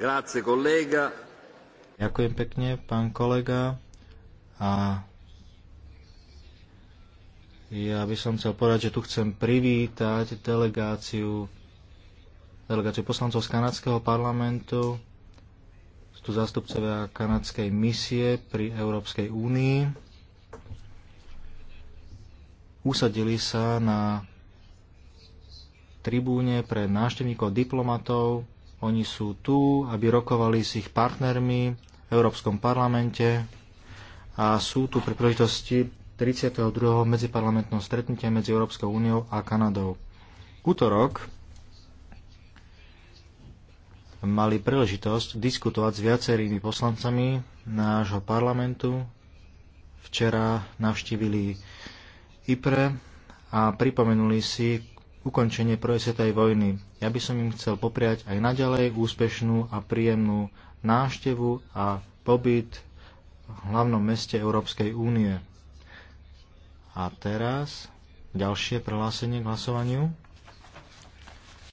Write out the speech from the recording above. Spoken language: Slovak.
Ďakujem pekne, pán kolega. A ja by som chcel povedať, že tu chcem privítať delegáciu, delegáciu poslancov z kanadského parlamentu. Sú tu zástupcovia kanadskej misie pri Európskej únii. Usadili sa na tribúne pre návštevníkov diplomatov oni sú tu, aby rokovali s ich partnermi v Európskom parlamente a sú tu pri príležitosti 32. medziparlamentného stretnutia medzi Európskou úniou a Kanadou. Útorok mali príležitosť diskutovať s viacerými poslancami nášho parlamentu. Včera navštívili IPRE a pripomenuli si ukončenie prvej svetovej vojny. Ja by som im chcel popriať aj naďalej úspešnú a príjemnú náštevu a pobyt v hlavnom meste Európskej únie. A teraz ďalšie prehlásenie k hlasovaniu.